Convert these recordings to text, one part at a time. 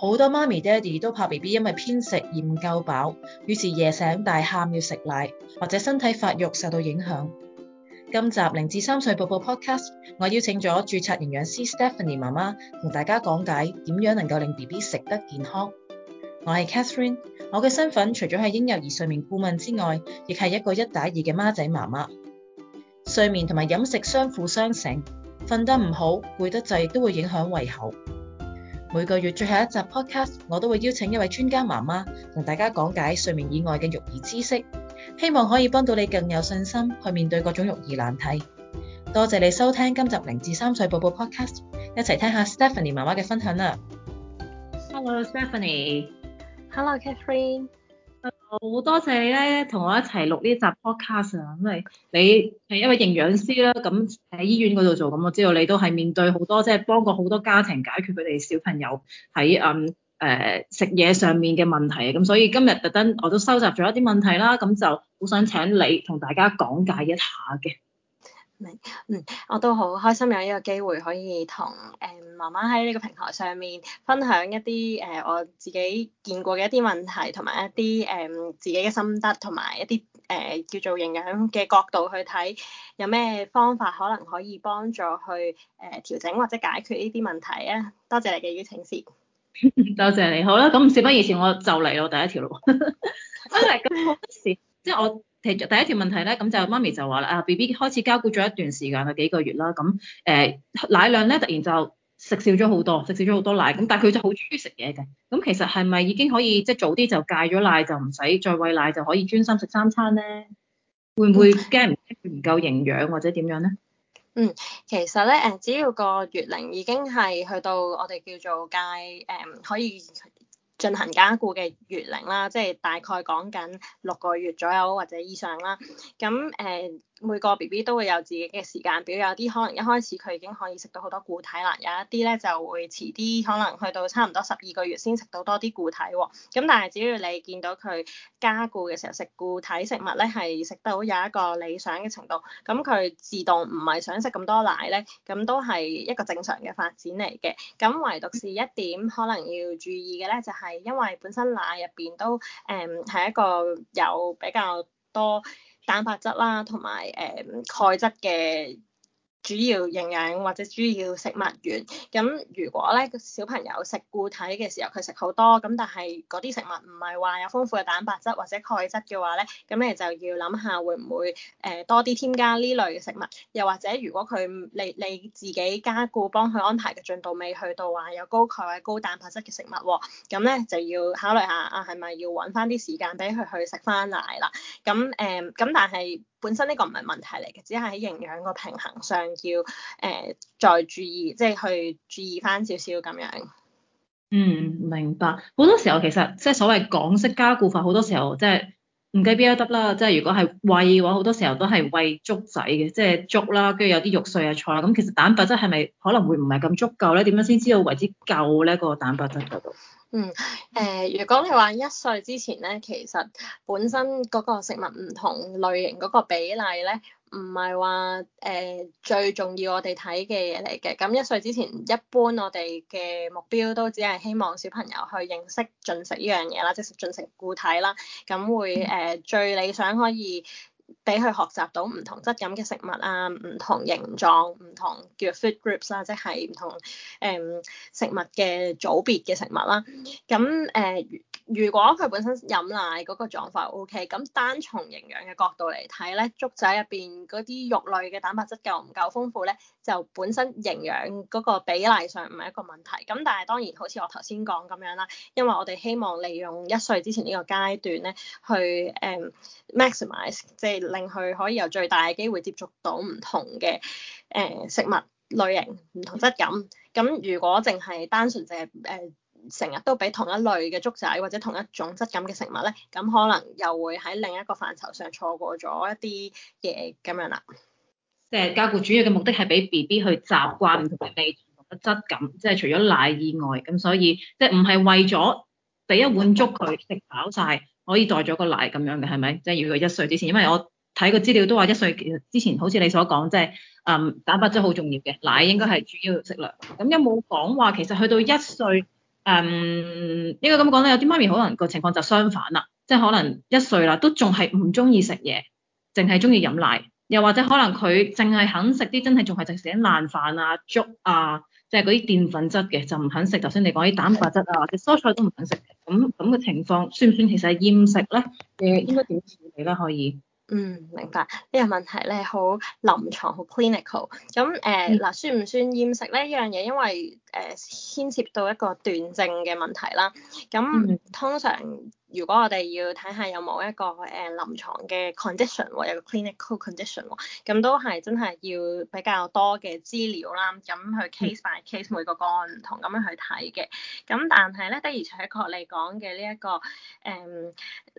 好多媽咪爹哋都怕 BB 因為偏食而唔夠飽，於是夜醒大喊要食奶，或者身體發育受到影響。今集零至三歲寶寶 Podcast，我邀請咗註冊營養師 Stephanie 媽媽，同大家講解點樣能夠令 BB 食得健康。我係 Catherine，我嘅身份除咗係嬰幼兒睡眠顧問之外，亦係一個一打二嘅媽仔媽媽。睡眠同埋飲食相輔相成，瞓得唔好、攰得滯都會影響胃口。每個月最後一集 podcast，我都會邀請一位專家媽媽同大家講解睡眠以外嘅育兒知識，希望可以幫到你更有信心去面對各種育兒難題。多謝你收聽今集零至三歲寶寶 podcast，一齊聽下 Stephanie 媽媽嘅分享啦。Hello Stephanie。Hello Catherine。好多謝你咧，同我一齊錄呢集 podcast 啊，咁你你係一位營養師啦，咁喺醫院嗰度做，咁我知道你都係面對好多，即係幫過好多家庭解決佢哋小朋友喺嗯誒、呃、食嘢上面嘅問題，咁所以今日特登我都收集咗一啲問題啦，咁就好想請你同大家講解一下嘅。嗯，mm, 我都好開心有呢個機會可以同誒、呃、媽媽喺呢個平台上面分享一啲誒、呃、我自己見過嘅一啲問題，同埋一啲誒、呃、自己嘅心得，同埋一啲誒、呃、叫做營養嘅角度去睇，有咩方法可能可以幫助去誒調、呃、整或者解決呢啲問題咧？多謝你嘅邀請先，多謝你，好啦，咁事不宜遲我就嚟咯，我第一條咯。真唔係，咁好事。即係我。第一條問題咧，咁就媽咪就話啦，啊 BB 開始交固咗一段時間啦，幾個月啦，咁誒、呃、奶量咧突然就食少咗好多，食少咗好多奶，咁但係佢就好鍾意食嘢嘅，咁其實係咪已經可以即係、就是、早啲就戒咗奶就唔使再餵奶就可以專心食三餐咧？會唔會驚唔夠營養或者點樣咧？嗯，其實咧誒，只要個月齡已經係去到我哋叫做戒誒、嗯、可以。進行加固嘅月齡啦，即係大概講緊六個月左右或者以上啦。咁誒。呃每個 B B 都會有自己嘅時間表，比如有啲可能一開始佢已經可以食到好多固體啦，有一啲咧就會遲啲，可能去到差唔多十二個月先食到多啲固體喎。咁但係只要你見到佢加固嘅時候食固體食物咧，係食到有一個理想嘅程度，咁佢自動唔係想食咁多奶咧，咁都係一個正常嘅發展嚟嘅。咁唯獨是一點可能要注意嘅咧，就係因為本身奶入邊都誒係一個有比較多。蛋白質啦，同埋誒鈣質嘅。嗯主要營養或者主要食物源。咁如果咧，小朋友食固體嘅時候佢食好多，咁但係嗰啲食物唔係話有豐富嘅蛋白質或者鈣質嘅話咧，咁你就要諗下會唔會誒、呃、多啲添加呢類嘅食物，又或者如果佢你你自己加固幫佢安排嘅進度未去到話有高鈣或者高蛋白質嘅食物喎，咁咧就要考慮下啊，係咪要揾翻啲時間俾佢去食翻奶啦，咁誒咁但係。本身呢個唔係問題嚟嘅，只係喺營養個平衡上要誒、呃、再注意，即係去注意翻少少咁樣。嗯，明白。好多時候其實即係所謂港式加固法，好多時候即係唔計邊一得啦。即係如果係餵嘅話，好多時候都係餵粥仔嘅，即係粥啦，跟住有啲肉碎啊菜咁。其實蛋白質係咪可能會唔係咁足夠咧？點樣先知道為之夠咧？個蛋白質度？嗯，誒、呃，如果你話一歲之前咧，其實本身嗰個食物唔同類型嗰個比例咧，唔係話誒最重要我哋睇嘅嘢嚟嘅。咁一歲之前，一般我哋嘅目標都只係希望小朋友去認識進食呢樣嘢啦，即係進食固體啦，咁會誒、呃，最理想可以。俾佢學習到唔同質感嘅食物啊，唔同形狀，唔同叫 food groups 啦，即係唔同誒、嗯、食物嘅組別嘅食物啦，咁誒。呃如果佢本身飲奶嗰個狀況 OK，咁單從營養嘅角度嚟睇咧，粥仔入邊嗰啲肉類嘅蛋白質夠唔夠豐富咧，就本身營養嗰個比例上唔係一個問題。咁但係當然好似我頭先講咁樣啦，因為我哋希望利用一歲之前呢個階段咧，去誒、uh, maximize，即係令佢可以有最大嘅機會接觸到唔同嘅誒、uh, 食物類型、唔同質感。咁如果淨係單純淨係誒。Uh, 成日都俾同一類嘅粥仔或者同一種質感嘅食物咧，咁可能又會喺另一個範疇上錯過咗一啲嘢咁樣啦。即係加固主要嘅目的係俾 B B 去習慣同佢同嘅質感，即係除咗奶以外，咁所以即係唔係為咗第一碗粥佢食飽晒，可以代咗個奶咁樣嘅係咪？即係要到一歲之前，因為我睇個資料都話一歲之前好似你所講，即係嗯蛋白質好重要嘅奶應該係主要食糧。咁有冇講話其實去到一歲？嗯，um, 應該咁講咧，有啲媽咪可能個情況就相反啦，即係可能一歲啦，都仲係唔中意食嘢，淨係中意飲奶，又或者可能佢淨係肯食啲真係仲係淨食啲爛飯啊、粥啊，即係嗰啲澱粉質嘅，就唔肯食。頭先你講啲蛋白質啊、或者蔬菜都唔肯食，咁咁嘅情況算唔算其實係厭食咧？誒，應該點處理咧？可以？嗯，明白呢、這個問題咧，好臨床，好 clinical。咁誒嗱，呃嗯、算唔算厭食咧？呢樣嘢因為誒、呃、牽涉到一個斷症嘅問題啦。咁、嗯、通常。如果我哋要睇下有冇一個誒、呃、臨床嘅 condition，呃、有個 clinical condition，咁、呃、都係真係要比較多嘅資料啦，咁去 case by case 每個個案唔同咁樣去睇嘅。咁、呃、但係咧，的而且確嚟講嘅呢一個誒呢、呃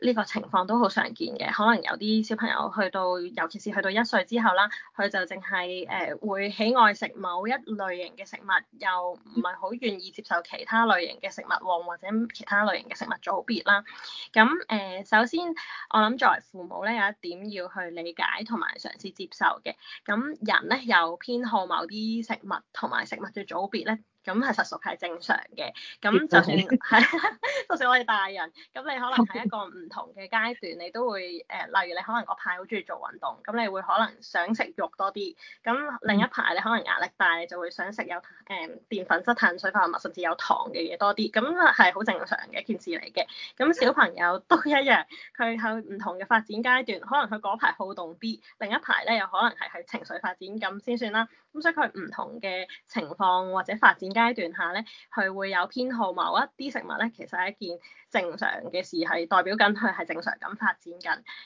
呢個情況都好常見嘅。可能有啲小朋友去到，尤其是去到一歲之後啦，佢就淨係誒會喜愛食某一類型嘅食物，又唔係好願意接受其他類型嘅食物喎，或者其他類型嘅食物組別啦。咁誒，呃，首先我諗作為父母咧，有一點要去理解同埋嘗試接受嘅。咁人咧又偏好某啲食物同埋食物嘅組別咧。咁係實屬係正常嘅，咁就算係， 就算我哋大人，咁你可能喺一個唔同嘅階段，你都會誒、呃，例如你可能嗰排好鍾意做運動，咁你會可能想食肉多啲，咁另一排你可能壓力大，你就會想食有誒、嗯、澱粉質、碳水化合物甚至有糖嘅嘢多啲，咁係好正常嘅一件事嚟嘅。咁小朋友都一樣，佢喺唔同嘅發展階段，可能佢嗰排好動啲，另一排咧又可能係係情緒發展咁先算啦。咁所以佢唔同嘅情況或者發展階段下咧，佢會有偏好某一啲食物咧，其實係一件正常嘅事，係代表緊佢係正常咁發展緊。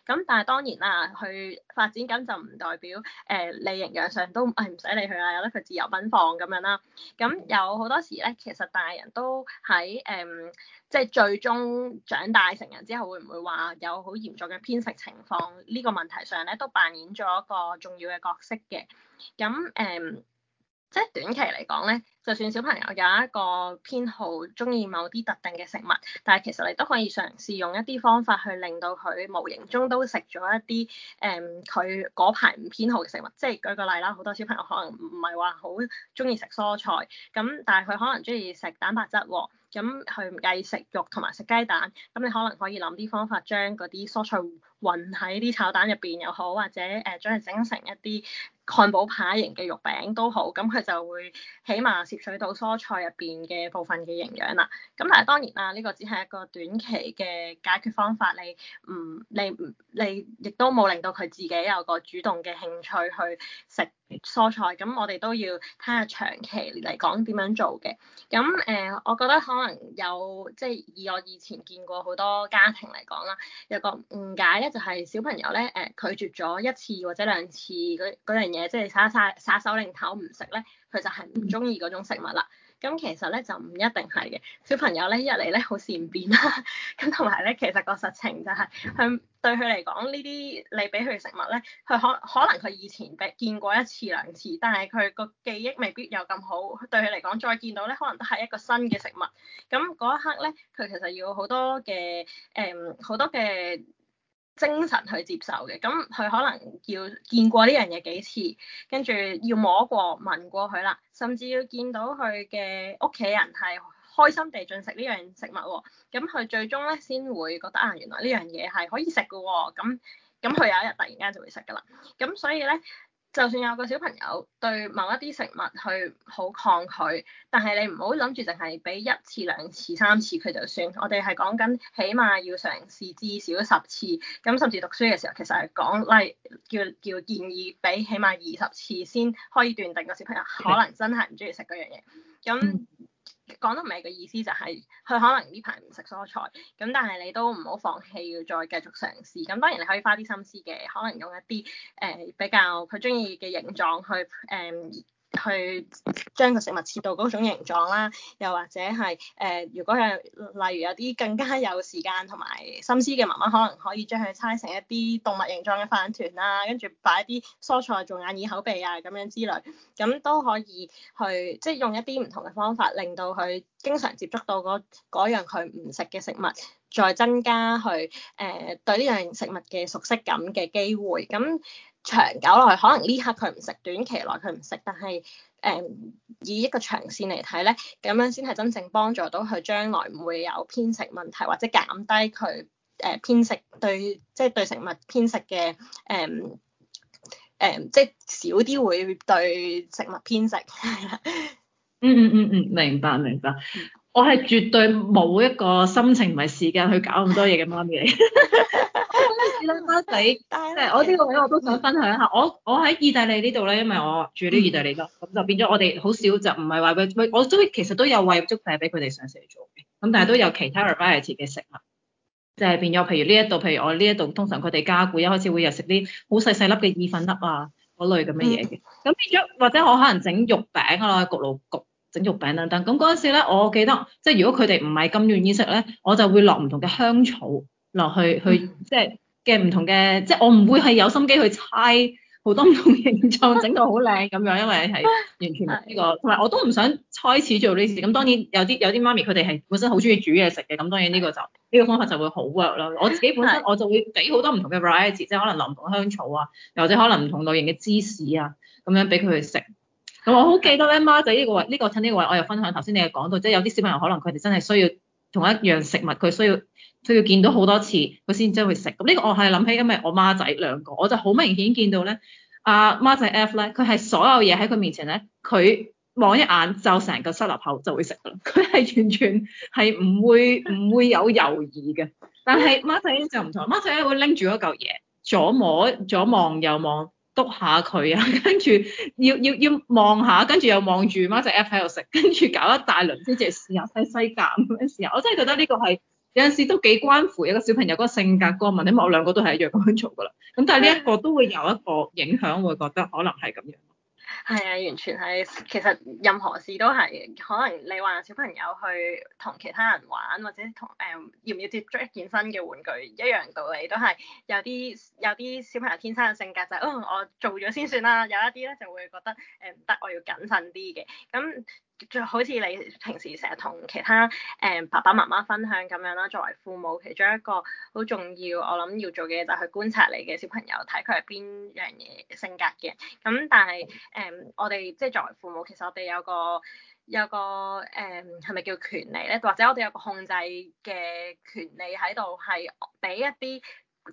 咁但係當然啦，佢發展緊就唔代表誒你營養上都係唔使理佢啦，由得佢自由奔放咁樣啦。咁有好多時咧，其實大人都喺誒，即係最終長大成人之後，會唔會話有好嚴重嘅偏食情況？呢個問題上咧，都扮演咗一個重要嘅角色嘅。咁誒。嗯即係短期嚟講咧，就算小朋友有一個偏好，中意某啲特定嘅食物，但係其實你都可以嘗試用一啲方法去令到佢無形中都食咗一啲誒佢嗰排唔偏好嘅食物。即係舉個例啦，好多小朋友可能唔係話好中意食蔬菜，咁但係佢可能中意食蛋白質喎，咁佢唔介意食肉同埋食雞蛋，咁你可能可以諗啲方法將嗰啲蔬菜，混喺啲炒蛋入邊又好，或者誒、呃、將佢整成一啲漢堡扒型嘅肉餅都好，咁佢就會起碼攝取到蔬菜入邊嘅部分嘅營養啦。咁但係當然啦，呢、這個只係一個短期嘅解決方法，你唔你你亦都冇令到佢自己有個主動嘅興趣去食蔬菜。咁我哋都要睇下長期嚟講點樣做嘅。咁誒、呃，我覺得可能有即係以我以前見過好多家庭嚟講啦，有個誤解。就係小朋友咧，誒拒絕咗一次或者兩次嗰樣嘢，即係耍耍耍手擰頭唔食咧，佢就係唔中意嗰種食物啦。咁其實咧就唔一定係嘅，小朋友咧一嚟咧好善變啦。咁同埋咧，其實個實情就係，佢對佢嚟講呢啲你俾佢食物咧，佢可可能佢以前俾見過一次兩次，但係佢個記憶未必有咁好。對佢嚟講，再見到咧，可能都係一個新嘅食物。咁嗰一刻咧，佢其實要好多嘅誒，好多嘅，精神去接受嘅，咁佢可能要見過呢樣嘢幾次，跟住要摸過、聞過佢啦，甚至要見到佢嘅屋企人係開心地進食呢樣食物喎，咁佢最終咧先會覺得啊，原來呢樣嘢係可以食㗎喎，咁咁佢有一日突然間就會食㗎啦，咁所以咧。就算有個小朋友對某一啲食物去好抗拒，但係你唔好諗住淨係俾一次、兩次、三次佢就算。我哋係講緊起碼要嘗試至少十次，咁甚至讀書嘅時候其實係講，例如叫叫建議俾起碼二十次先可以斷定個小朋友可能真係唔中意食嗰樣嘢。咁講得唔係個意思就係，佢可能呢排唔食蔬菜，咁但係你都唔好放棄要再繼續嘗試。咁當然你可以花啲心思嘅，可能用一啲誒、呃、比較佢中意嘅形狀去誒，呃去將個食物切到嗰種形狀啦，又或者係誒、呃，如果有例如有啲更加有時間同埋心思嘅媽媽，可能可以將佢搓成一啲動物形狀嘅飯團啦、啊，跟住擺啲蔬菜做眼耳口鼻啊咁樣之類，咁都可以去即係、就是、用一啲唔同嘅方法，令到佢經常接觸到嗰樣佢唔食嘅食物，再增加佢誒、呃、對呢樣食物嘅熟悉感嘅機會咁。長久落去，可能呢刻佢唔食，短期內佢唔食，但係誒、嗯、以一個長線嚟睇咧，咁樣先係真正幫助到佢將來唔會有偏食問題，或者減低佢誒偏食對，即係對食物偏食嘅誒誒，即係少啲會對食物偏食。嗯嗯嗯嗯，明白明白。我係絕對冇一個心情唔係時間去搞咁多嘢嘅媽咪嚟，哈哈仔，即係、我呢個位我都想分享下，我我喺意大利呢度咧，因為我住啲意大利咯，咁就變咗我哋好少就唔係話餵餵，我都其實都有餵粥食俾佢哋上社做嘅，咁但係都有其他 requisites 嘅食物，就係、係、變咗譬如呢一度，譬如我呢一度通常佢哋加固一開始會又食啲好細細粒嘅意粉粒啊嗰類咁嘅嘢嘅，咁變咗或者我可能整肉餅啊焗爐焗。整肉餅等等，咁嗰陣時咧，我記得即係如果佢哋唔係咁願意食咧，我就會落唔同嘅香草落去，嗯、去即係嘅唔同嘅，即係我唔會係有心機去猜好多唔同形狀，整到好靚咁樣，因為係完全呢、這個，同埋 我都唔想開始做呢件事。咁當然有啲有啲媽咪佢哋係本身好中意煮嘢食嘅，咁當然呢個就呢 個方法就會好 work 咯。我自己本身我就會俾好多唔同嘅 Variety，即係可能落唔同香草啊，或者可能唔同類型嘅芝士啊，咁樣俾佢去食。咁我好記得咧，孖仔呢個位，呢、這個親呢個位，我又分享頭先你又講到，即係有啲小朋友可能佢哋真係需要同一樣食物，佢需要需要見到好多次，佢先至真係會食。咁呢個我係諗起，因為我孖仔兩個，我就好明顯見到咧，阿、啊、孖仔 F 咧，佢係所有嘢喺佢面前咧，佢望一眼就成個塞入口就會食噶啦，佢係完全係唔會唔 會有猶豫嘅。但係孖仔、F、就唔同，孖仔 A 會拎住嗰嚿嘢，左摸左望右望。督下佢啊，跟住要要要望下，跟住又望住媽仔 app 喺度食，跟住搞一大輪試試。先至試下西西甲咁樣試下。我真係覺得呢個係有陣時都幾關乎一個小朋友嗰個性格、嗰個問題，因為我兩個都係一樣咁嘈噶啦。咁、嗯、但係呢一個都會有一個影響，會覺得可能係咁樣。係啊，完全係，其實任何事都係，可能你話小朋友去同其他人玩，或者同誒、嗯、要唔要接觸一件新嘅玩具，一樣道理都係有啲有啲小朋友天生嘅性格就係，嗯、哦、我做咗先算啦，有一啲咧就會覺得誒唔得，我要謹慎啲嘅，咁。就好似你平時成日同其他誒爸爸媽媽分享咁樣啦，作為父母，其中一個好重要，我諗要做嘅嘢就係去觀察你嘅小朋友，睇佢係邊樣嘢性格嘅。咁但係誒、嗯，我哋即係作為父母，其實我哋有個有個誒，係、嗯、係咪叫權利咧？或者我哋有個控制嘅權利喺度，係俾一啲。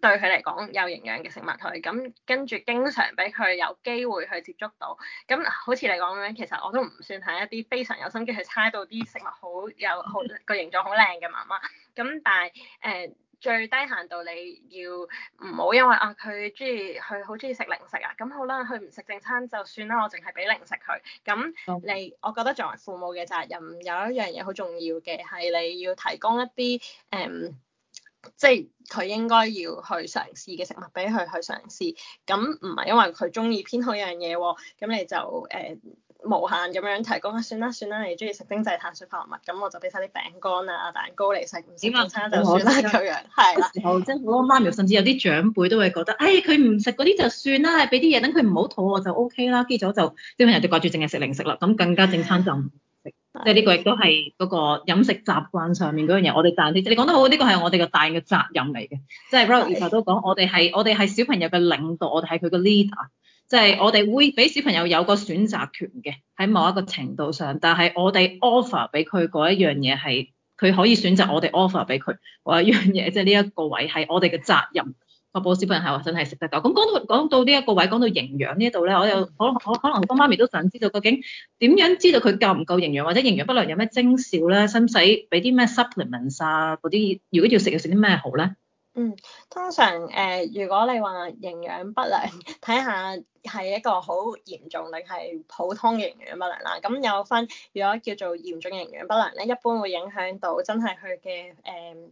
對佢嚟講有營養嘅食物佢，咁跟住經常俾佢有機會去接觸到，咁好似你講咁樣，其實我都唔算係一啲非常有心機去猜到啲食物有好有好個形狀好靚嘅媽媽，咁但係誒、呃、最低限度你要唔好因為啊佢中意佢好中意食零食啊，咁好啦，佢唔食正餐就算啦，我淨係俾零食佢，咁你我覺得作為父母嘅責任有一樣嘢好重要嘅係你要提供一啲誒。嗯即係佢應該要去嘗試嘅食物，俾佢去嘗試。咁唔係因為佢中意偏好一樣嘢喎，咁你就誒、呃、無限咁樣提供。算啦算啦，你中意食精製碳水化合物，咁我就俾晒啲餅乾啊、蛋糕嚟食唔午餐就算啦。咁樣係啦。我的的媽咪甚至有啲長輩都會覺得， 哎，佢唔食嗰啲就算啦，俾啲嘢等佢唔好肚餓就 OK 啦。跟住我就因為人哋掛住淨係食零食啦，咁更加正餐就 即係呢個亦都係嗰個飲食習慣上面嗰樣嘢，我哋大啲。即係你講得好，呢個係我哋個大嘅責任嚟嘅。即係 Robert 都講，我哋係我哋係小朋友嘅領導，我哋係佢嘅 leader。即係我哋會俾小朋友有個選擇權嘅，喺某一個程度上。但係我哋 offer 俾佢嗰一樣嘢係，佢可以選擇我哋 offer 俾佢嗰一樣嘢。即係呢一個位係我哋嘅責任。個波小朋友話真係食得夠，咁講到講到呢一個位，講到營養呢一度咧，我又我我可能好多媽咪都想知道究竟點樣知道佢夠唔夠營養，或者營養不良有咩徵兆咧，使唔使俾啲咩 supplement 啊啲？如果要食，要食啲咩好咧？嗯，通常誒、呃，如果你話營養不良，睇下係一個好嚴重定係普通嘅營養不良啦。咁有分，如果叫做嚴重營養不良咧，一般會影響到真係佢嘅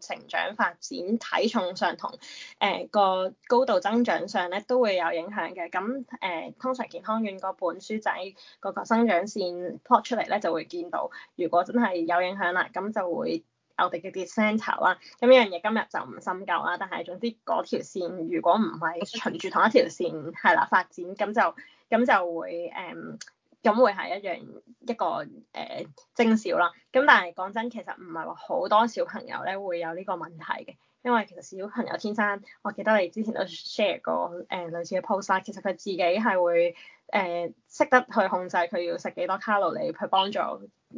誒成長發展、體重上同誒個高度增長上咧都會有影響嘅。咁誒、呃，通常健康院嗰本書仔個個生長線 plot 出嚟咧就會見到，如果真係有影響啦，咁就會。我哋嘅 decentral 啊，咁呢樣嘢今日就唔深究啦。但係總之嗰條線，如果唔係循住同一條線係啦發展，咁就咁就會誒。Um, 咁會係一樣一個誒、呃、徵兆啦，咁但係講真，其實唔係話好多小朋友咧會有呢個問題嘅，因為其實小朋友天生，我記得你之前都 share 過誒、呃、類似嘅 post 啦，其實佢自己係會誒識、呃、得去控制佢要食幾多卡路里去幫助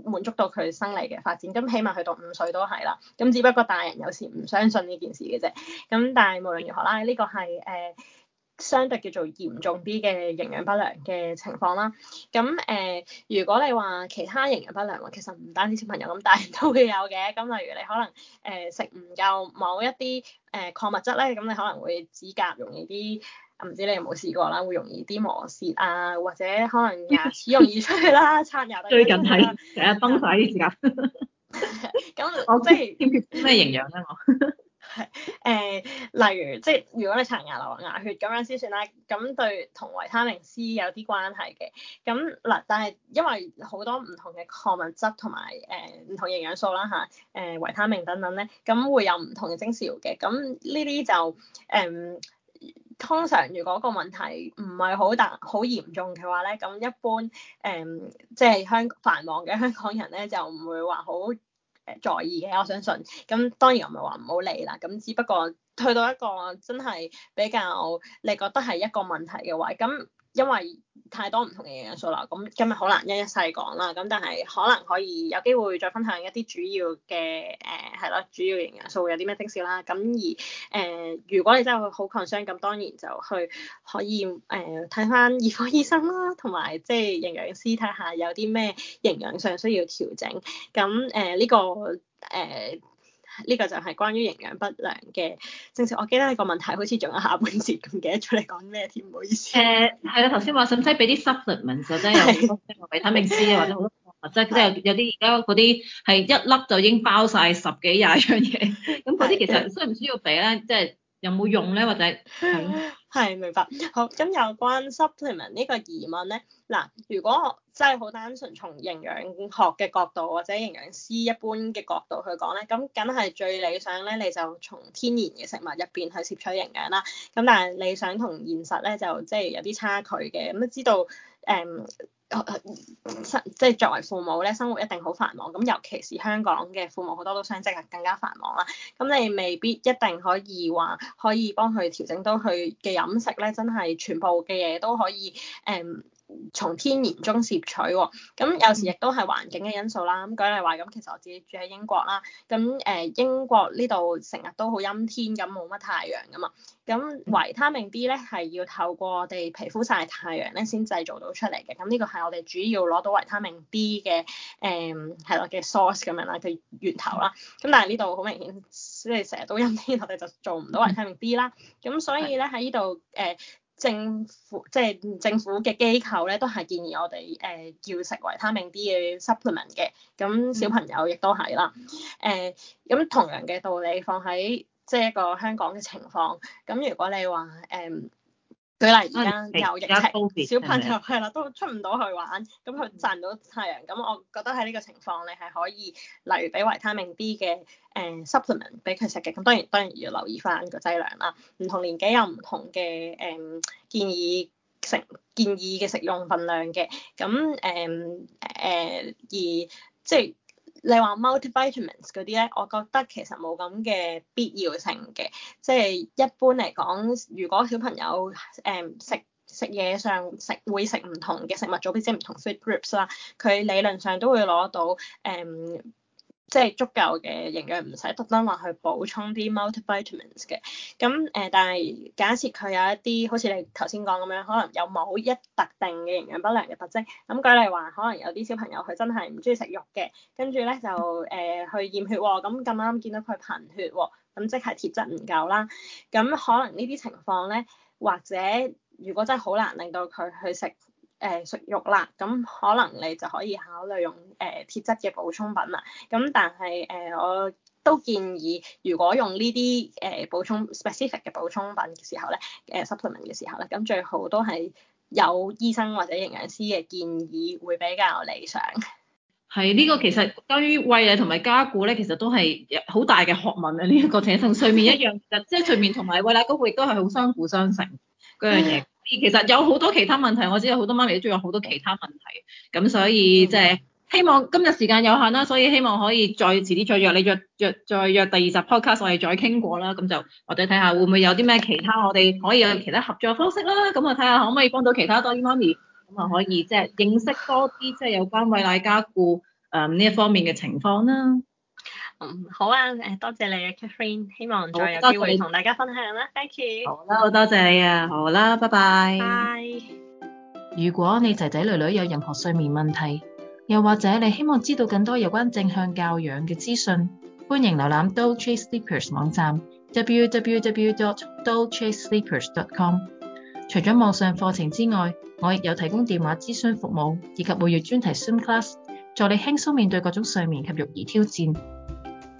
滿足到佢生理嘅發展，咁起碼去到五歲都係啦，咁只不過大人有時唔相信呢件事嘅啫，咁但係無論如何啦，呢、呢個係誒。呃相對叫做嚴重啲嘅營養不良嘅情況啦。咁誒、呃，如果你話其他營養不良其實唔單止小朋友咁，大人都會有嘅。咁例如你可能誒、呃、食唔夠某一啲誒、呃、礦物質咧，咁你可能會指甲容易啲，唔知你有冇試過啦？會容易啲磨蝕啊，或者可能牙齒容易出去啦，刷牙都最近係成日崩曬啲指甲。咁 那 我即係咩營養咧？我。 係、嗯、例如即係如果你刷牙流牙血咁樣先算啦，咁對同維他命 C 有啲關係嘅。咁嗱，但係因為好多唔同嘅礦物質、呃、同埋誒唔同營養素啦嚇，誒、呃、維他命等等咧，咁會有唔同嘅徵兆嘅。咁呢啲就誒、呃，通常如果個問題唔係好大好嚴重嘅話咧，咁一般誒，即、呃、係、就是、香港繁忙嘅香港人咧就唔會話好。誒在意嘅，我相信。咁當然我唔係話唔好理啦。咁只不過去到一個真係比較你覺得係一個問題嘅話，咁。因為太多唔同嘅營養素啦，咁今日好難一一細講啦，咁但係可能可以有機會再分享一啲主要嘅誒係咯，主要營養素有啲咩徵兆啦，咁而誒、呃、如果你真係好 concern，咁當然就去可以誒睇翻兒科醫生啦，同埋即係營養師睇下有啲咩營養上需要調整，咁誒呢個誒。呃呢個就係關於營養不良嘅。正常我記得你個問題好似仲有下半節，咁唔記得咗你講咩添，唔好意思。誒、呃，係啦，頭先話使唔使俾啲 supplements，即係有好多咩維他命 C 的或者好多物質，的即係有啲而家嗰啲係一粒就已經包晒，十幾廿樣嘢。咁嗰啲其實需唔需要俾咧？即係。有冇用咧？或者係係、嗯、 明白。好，咁有關 supplement 呢個疑問咧，嗱，如果我真係好單純從營養學嘅角度或者營養師一般嘅角度去講咧，咁梗係最理想咧，你就從天然嘅食物入邊去攝取營養啦。咁但係理想同現實咧，就即係有啲差距嘅。咁就知道。誒，生、um, 即係作為父母咧，生活一定好繁忙。咁尤其是香港嘅父母好多都雙職，係更加繁忙啦。咁你未必一定可以話可以幫佢調整到佢嘅飲食咧，真係全部嘅嘢都可以誒。Um, 從天然中攝取喎，咁有時亦都係環境嘅因素啦。咁舉例話，咁其實我自己住喺英國啦，咁誒、呃、英國呢度成日都好陰天，咁冇乜太陽㗎嘛。咁維他命 D 咧係要透過我哋皮膚曬太陽咧先製造到出嚟嘅。咁呢個係我哋主要攞到維他命 D 嘅誒係咯嘅 source 咁樣啦，嘅源頭啦。咁但係呢度好明顯，即係成日都陰天，我哋就做唔到維他命 D 啦。咁所以咧喺呢度誒。的政府即係政府嘅機構咧，都係建議我哋誒、呃、要食維他命 D 嘅 supplement 嘅，咁小朋友亦都係啦，誒咁、嗯呃、同樣嘅道理放喺即係一個香港嘅情況，咁如果你話誒，呃舉例，而家有疫情，小朋友係啦，都出唔到去玩，咁佢曬唔到太陽，咁我覺得喺呢個情況，你係可以，例如俾維他命 B 嘅誒、uh, supplement 俾佢食嘅，咁當然當然要留意返個劑量啦，唔同年紀有唔同嘅誒、uh, 建議食建議嘅食用份量嘅，咁誒誒而即係。你話 multivitamins 嗰啲咧，我覺得其實冇咁嘅必要性嘅。即係一般嚟講，如果小朋友誒嗯食食嘢上食會食唔同嘅食物組別，即係唔同 food groups 啦，佢理論上都會攞到誒。嗯即係足夠嘅營養，唔使特登話去補充啲 multivitamins 嘅。咁誒、呃，但係假設佢有一啲好似你頭先講咁樣，可能有某一特定嘅營養不良嘅特徵。咁舉例話，可能有啲小朋友佢真係唔中意食肉嘅，跟住咧就誒去、呃、驗血喎，咁咁啱見到佢貧血喎，咁即係鐵質唔夠啦。咁可能呢啲情況咧，或者如果真係好難令到佢去食。誒、呃、食慾啦，咁、嗯、可能你就可以考慮用誒、呃、鐵質嘅補充品啦。咁但係誒、呃、我都建議，如果用呢啲誒補充 specific 嘅補充品嘅時候咧，誒、呃、supplement 嘅時候咧，咁、嗯、最好都係有醫生或者營養師嘅建議會比較理想。係呢、這個其實關於餵奶同埋加固咧，其實都係好大嘅學問啊！呢、這、一個過程同睡眠一樣， 即係睡眠同埋餵奶加固亦都係好相輔相成嗰樣嘢。 其實有好多其他問題，我知道好多媽咪都仲有好多其他問題，咁所以即係希望今日時間有限啦，所以希望可以再遲啲再約你約約再約第二集 podcast 我哋再傾過啦，咁就或者睇下會唔會有啲咩其他我哋可以有其他合作方式啦，咁啊睇下可唔可以幫到其他多啲媽咪，咁啊可以即係認識多啲即係有關餵奶加固誒呢、嗯、一方面嘅情況啦。嗯、好啊，誒，多謝你，Catherine，啊希望再有機會同大家分享啦，Thank you。好啦，好多謝你啊，好啦，拜拜。拜 Bye。如果你仔仔女女有任何睡眠問題，又或者你希望知道更多有關正向教養嘅資訊，歡迎瀏覽 Dolce Sleepers 網站，www.dolcesleepers.com。除咗網上課程之外，我亦有提供電話諮詢服務，以及每月專題 Zoom Class，助你輕鬆面對各種睡眠及育兒挑戰。